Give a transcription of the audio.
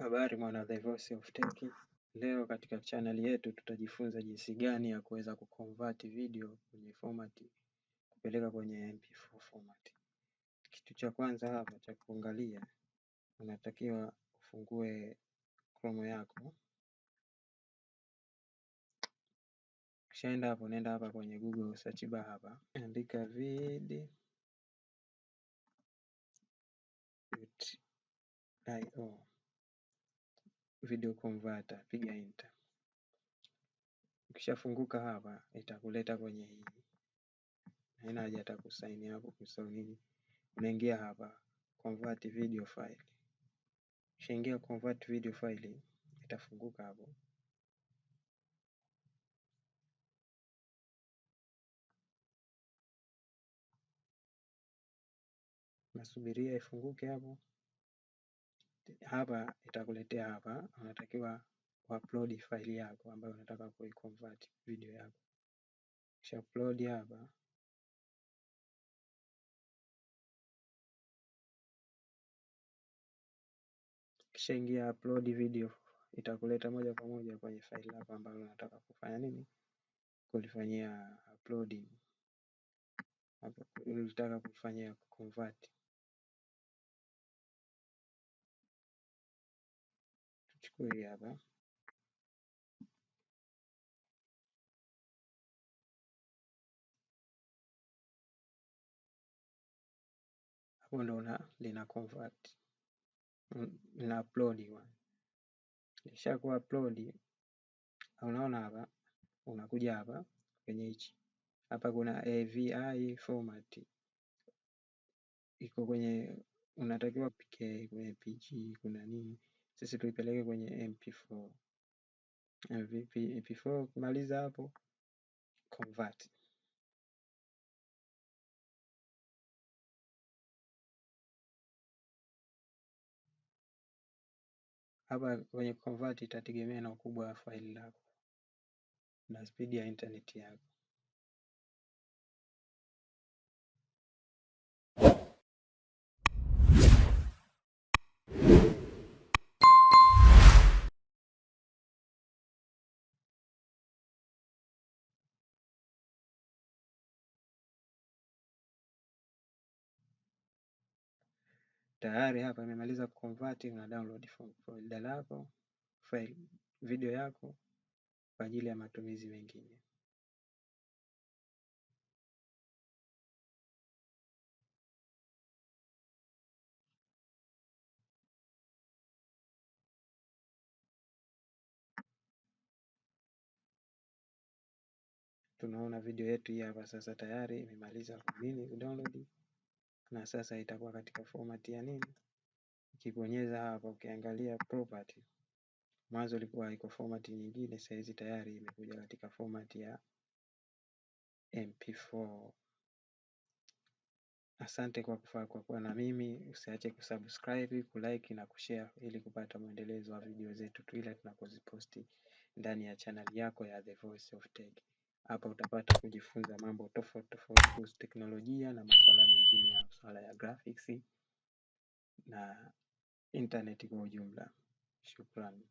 Habari mwana The Voice of Tech. Leo katika channel yetu tutajifunza jinsi gani ya kuweza kuconvert video kwenye format kupeleka kwenye MP4 format. Kitu cha kwanza hapa cha kuangalia, unatakiwa ufungue Chrome yako. Kishaenda hapo, nenda hapa kwenye Google search bar hapa, andika vid io video converter piga enter. Ukishafunguka hapa itakuleta kwenye hii, haina haja hata kusaini hapo kusau unaingia hapa convert video file. Ukishaingia convert video file itafunguka hapo nasubiria ifunguke hapo hapa itakuletea hapa, unatakiwa uupload faili yako ambayo unataka kuiconvert video yako. Kisha upload hapa kisha ingia upload video, itakuleta moja kwa moja kwenye faili lako ambalo unataka kufanya nini, kulifanyia uploading, unataka kufanyia convert. Çıkıveriyaba. Hapo ndo lina convert mm, lina uploadiwa. Lishakuwa upload, unaona hapa, unakuja hapa kwenye hichi hapa, kuna AVI format iko kwenye, unatakiwa pike kwenye pg, kuna nini sisi tuipeleke kwenye mp4 mvp mp4 ukimaliza hapo convert hapa kwenye convert itategemea na ukubwa wa faili lako na spidi ya intaneti yako Tayari hapa imemaliza kuconvert na download folder lako file video yako kwa ajili ya matumizi mengine. Tunaona video yetu hii hapa sasa tayari imemaliza kudownload na sasa itakuwa katika format ya nini? Ukibonyeza hapa ukiangalia property, mwanzo ilikuwa iko format nyingine, sasa hizi tayari imekuja katika format ya MP4. Asante kwa kufaa kwa kuwa na mimi. Usiache kusubscribe, kulike na kushare ili kupata mwendelezo wa video zetu kila tunapoziposti ndani ya channel yako ya The Voice of Tech. Hapa utapata kujifunza mambo tofauti tofauti kuhusu teknolojia na masuala mengine ya graphics na intaneti kwa ujumla. Shukrani.